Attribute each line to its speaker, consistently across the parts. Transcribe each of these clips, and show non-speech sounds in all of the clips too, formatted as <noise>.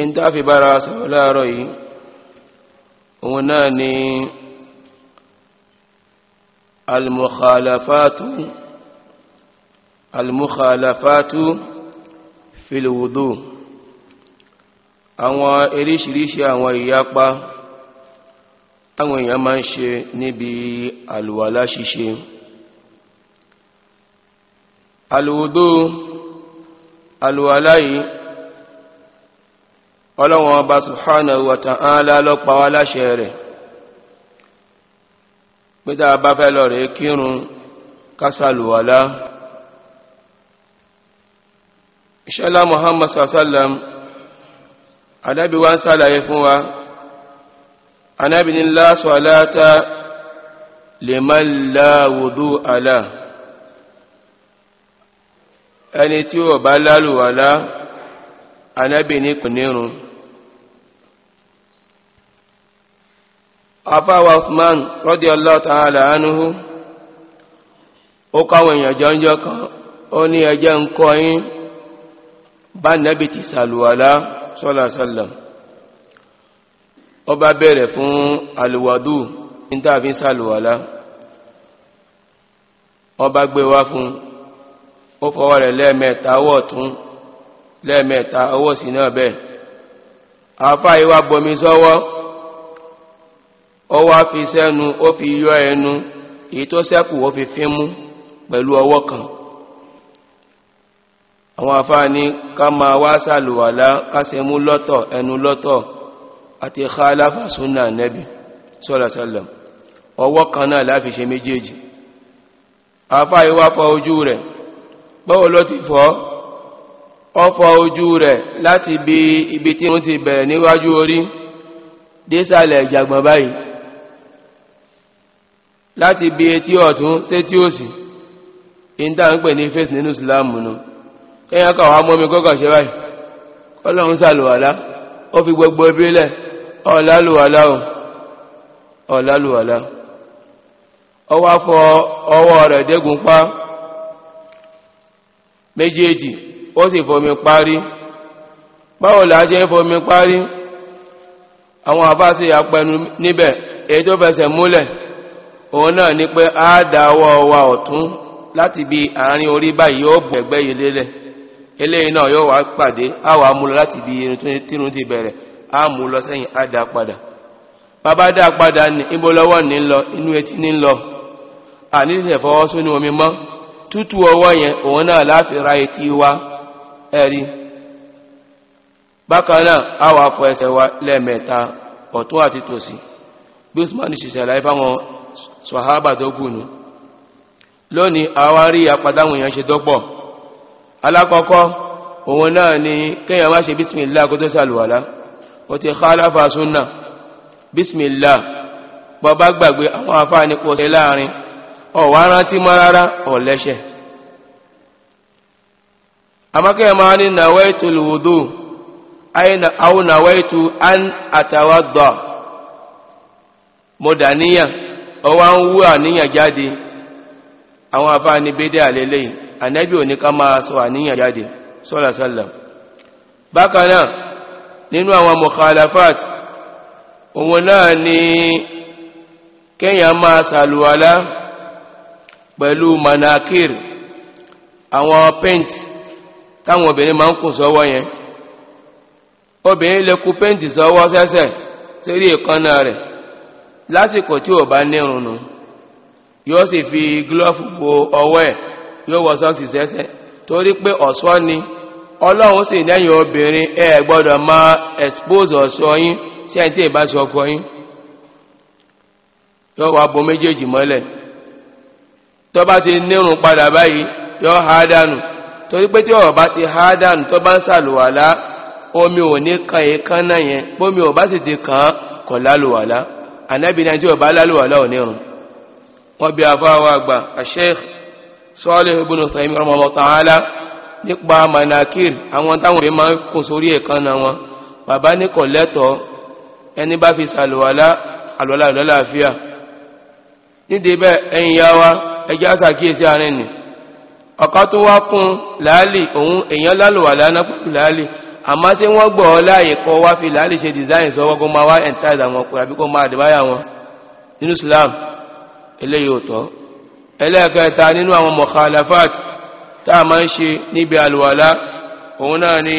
Speaker 1: in ta fi bára sọ̀rọ̀ láàárọ̀ yìí òun náà ni al-mukhalafatu al-mukhalafatu fil wudu àwọn eríṣìíríṣìí àwọn ìyapa táwọn èèyàn máa ń ṣe níbi àlùwàlá ṣíṣe alwudu yìí ọlọ́wọ́n ọba subhanahu wa ta'ala lọ́pa wá láṣẹ rẹ̀ pẹ́ta bá fẹ́ lọ rẹ̀ kírun kásàlùwàlá ìṣẹ́lá muhammad sallam anábi wá ń sálàyé fún wa anábi ní la salata liman la wudu'a la ẹni tí ó bá lálùwàlá anábi ní kùnírun afáwà Uthman radiyallahu ta'ala anhu ó káwọn èèyàn kan ó ní ẹjẹ́ ń kọ́ yín bá nẹ́bì ti sàlùwàlá ó bá bẹ̀rẹ̀ fún alùwàdù nítàfí sàlùwàlá ó bá gbé wá fún ó fọwọ́ rẹ̀ lẹ́ẹ̀mẹ́ta ọwọ́ lẹ́ẹ̀mẹ́ta ó wá fi sẹ́nu ó fi yọ ẹnu èyí tó sẹ́kù ó fi fín mú pẹ̀lú ọwọ́ kan àwọn àfáà ní ká máa wá sàlùwàlá kásẹmú lọ́tọ̀ ẹnu lọ́tọ̀ àti khalafa súnà nẹ́bì sọ́lọ̀sọ́lọ̀ ọwọ́ kan náà láfi ṣe méjèèjì àfáà yìí wá fọ fọ́ ojú rẹ̀ láti bí etí ọ̀tún sé tí ó sì ìntà ń pè ní fèsì nínú ìsìláàmù nù ẹ̀yàn kọ̀ wá mọ́mí kọ́kọ̀ ṣe báyìí ọlọ́run sàlùwàlá ó fi gbogbo ibílẹ̀ ọ̀lálùwàlá pa méjèèjì ó sì fomi parí báwo la ṣe ń fomi parí àwọn àbá sì níbẹ̀ èyí tó fẹsẹ̀ múlẹ̀ òun náà ni pé a dáwọ́ wa ọ̀tún láti bí àárín orí báyìí yóò gbẹ̀gbẹ́ ilé rẹ̀ eléyìí náà yóò wá pàdé a wà mú lọ láti bí tínú ti bẹ̀rẹ̀ a mú lọ sẹ́yìn a dá padà bàbá dá padà ní ibo lọ́wọ́ ní lọ inú etí ní lọ a ní sẹ̀ fọwọ́ sínú omi mọ́ ṣiṣẹ́ láì sọ̀hábà tó kù ní lónìí àwárí àpàtàwọn èèyàn ṣe dọ́pọ̀ alákọ̀ọ́kọ́ òun náà ni kéèyàn má ṣe bísmìlá kó tó sàlùwàlá ó ti khalafa súnà bísmìlá bọ́ bá gbàgbé àwọn afáàní pọ̀ sí láàrin ọ̀wá rántí mọ́ rárá ọ̀lẹ́ṣẹ̀ ọwá ń wú àníyàn jáde àwọn afá ní bédé àlélẹ́ ànẹ́bí ò ní ká máa sọ àníyàn jáde sọ́làsọ́làm bákanáà nínú àwọn mukhalafat òun náà ni kẹ́yàn máa sàlùwálá pẹ̀lú manakir àwọn paint táwọn obìnrin máa ń kùn sọ́wọ́ yẹn obìnrin lè kú paint sọ́wọ́ sẹ́sẹ̀ sí rí ìkanná rẹ̀ lásìkò tí ò bá nírun nù yóò sì fi gílọ́fù bo ọwọ́ ẹ̀ yóò wọ sọ́ọ̀sì sẹ́sẹ̀ torí pé ọ̀ṣọ́ ni ọlọ́run sì lẹ́yìn obìnrin ẹ gbọ́dọ̀ máa expose ọ̀ṣọ́ yín sí ẹni tí ì bá ṣe ọkọ yín yóò wá bo méjèèjì mọ́lẹ̀ tó bá ti nírun padà báyìí yóò há dànù torí pé tí ó bá ti há dànù tó bá ń sàlùwàlá omi ò ní kan èékánná yẹn bómi ò bá sì ti kàn án kọ̀ lálùwàlá anábì náà tí ó bá lálùwàlá ò nírun wọ́n bí afáwà àgbà Sheikh Salih ibn Uthaymin rahimahullah nípa manakir àwọn táwọn òbí máa ń kún sórí èékánná wọn bàbá ní kò lẹ́tọ̀ọ́ ẹni bá fi sàlùwàlá àlùwàlá lọ́láàfíà nídìí bẹ́ẹ̀ ẹ̀yin yá wa ẹjá sàkíyèsí àárín ni àmá tí wọ́n gbọ́ láàyè kọ wá fi láàrín ṣe design sọ wọ́n kó máa wá entice àwọn ọkùnrin àbí kó máa àdìbáyà wọn nínú Islam eléyìí ò tọ́ ẹlẹ́ẹ̀kẹta nínú àwọn mọ̀kàlàfàt tá a máa ń ṣe níbi àlùwàlá òun náà ní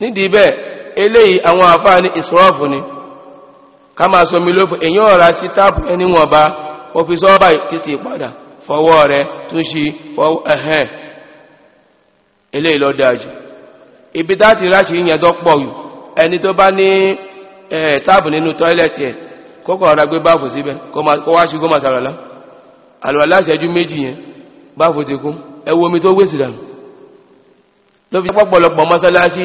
Speaker 1: nídìí bẹ́ẹ̀ eléyìí àwọn àfáà ní ìsọ́ọ̀fù ni ká máa sọ mi lófò èyàn ọ̀rá sí táàpù ẹni wọn bá o fi sọ́ báyìí títí padà fọwọ́ rẹ tún ṣe fọwọ́ ẹ̀hẹ́n eléyìí lọ dájú ibi dáti ráṣì yẹn tó pọ̀ yù ẹni tó bá ní táàpù nínú tọ́ílẹ̀tì ẹ̀ kókò ọ̀rá gbé báàfù síbẹ̀ kó wá ṣe gómà sàrọ̀lá àlùwàlá ìṣẹ́jú méjì mọ́sálásí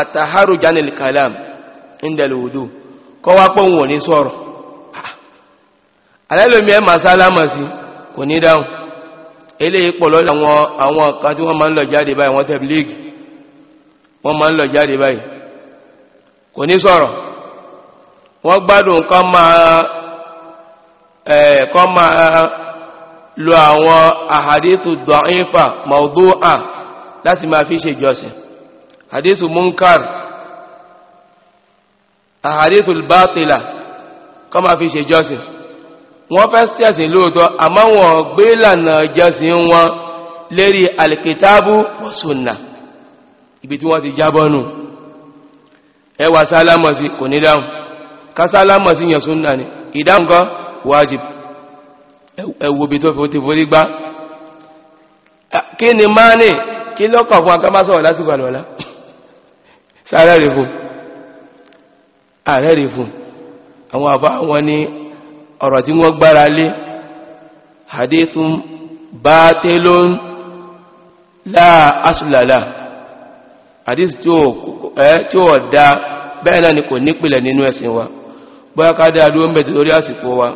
Speaker 1: àtàhárù janil kalam indalwudu kọ́ wá pọ́ wọn ní sọ̀rọ̀ alẹ́lòmí ẹ máa sálámà sí kò ní dáhùn eléyìí pọ̀ lọ́lọ́ àwọn kan tí wọ́n máa ń lọ jáde báyìí wọ́n tẹ̀blígì wọ́n máa ń lọ jáde báyìí kò ní sọ̀rọ̀ láti máa fi ṣe ìjọsìn hadithu munkar ahadithu albatila kọ́ máa fi ṣe jọ́sìn wọ́n fẹ́ ṣẹ̀sìn lóòótọ́ àmọ́ wọn gbé lànà jọ́sìn wọn lérí alkitabu wa sunna ibi tí wọ́n ti jábọ́nù ẹwà sálámọ̀ kò ní dáhùn ká sálámọ̀ yàn sunna ni ìdáhùn kan wájib ẹwò bí tó fi ti forí gbá kí ni máa ní kí lọ́kọ̀ fún akẹ́másọ̀rọ̀ lásìkò àlọ́lá sáré rí fún ààrẹ rí fún àwọn àfá wọn ní ọ̀rọ̀ tí wọ́n gbára lé hadithun batilun la aslala hadith tí ó dá bẹ́ẹ̀ náà ni kò nípìlẹ̀ nínú ẹ̀sìn wa bóyá ká dá dúró mẹ́tì lórí àsìkò wa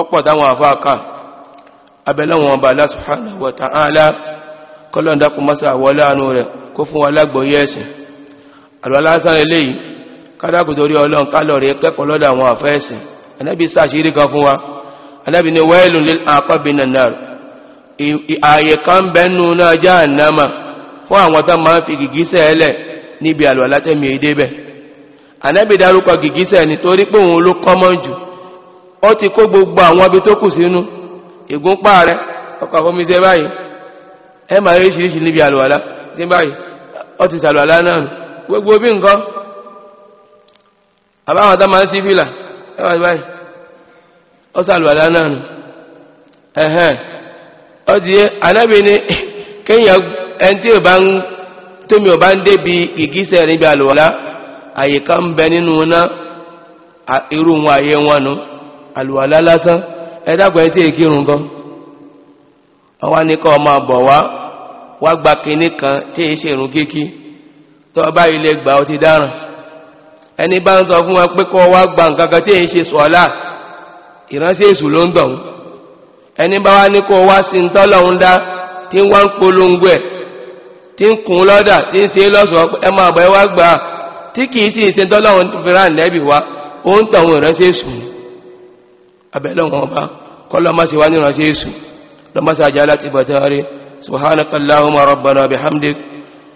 Speaker 1: ọ̀pọ̀ táwọn àfá ká abẹ́lẹ́wọ̀n ọba Allah subhanahu wa ta'ala kọlọ̀ndakùn masa wọlé àánú rẹ̀ kó fún wa lágbòóyẹ́ ẹ̀sìn alùwàlásán eléyìí kádàkù torí ọlọ́run kálọ̀ rẹ̀ kẹ́kọ̀ọ́ lọ́dọ̀ àwọn àfẹ́ẹ̀sìn anábi sàṣírí kan fún wa anábi ni wailun lil aqabina nar ààyè kan bẹ́nu náà jahannama fún àwọn tó máa ń fi gìgísẹ̀ ẹlẹ̀ níbi alùwàlátẹ́mi èdè bẹ̀ anábi dárúkọ gìgísẹ̀ nítorí pé òun ló kọ́mọ̀ jù ó ti kó gbogbo àwọn ibi tó kù báyìí ẹ ti sàlùwàlá náà gbogbo bí nǹkan àbáwọn tó máa ń sí ẹwà báyìí ó sàlùwàlá náà nù ẹ̀hẹ́n ó ti yé anábì ní <laughs> kéèyàn ẹni tí ò bá ń tómi ò bá ń débi gìgísẹ̀ níbi àlùwàlá àyè ń bẹ nínú náà irú wọn àyè wọn nù àlùwàlá lásán ẹ̀dàgbẹ̀ tí èkírun gba kan tí ṣèrún kíkí tó bá ilé gbà ó ti dáràn ẹni bá ń sọ fún wọn pé kọ́ wá gba nǹkan kan tí èyí ṣe sọ́lá ìránṣẹ́ èṣù ló ń dọ̀hún ẹni bá wá ní kọ́ wá sí ń tọ́lọ́hún dá tí ń wá ń polongo ẹ̀ tí ń kùn lọ́dà tí ń ṣe lọ́sọ̀ọ́ ẹ máa bọ̀ ẹ wá gbà á tí kìí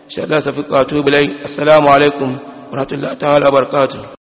Speaker 1: شكرا سفقاته بلي السلام عليكم ورحمة الله تعالى وبركاته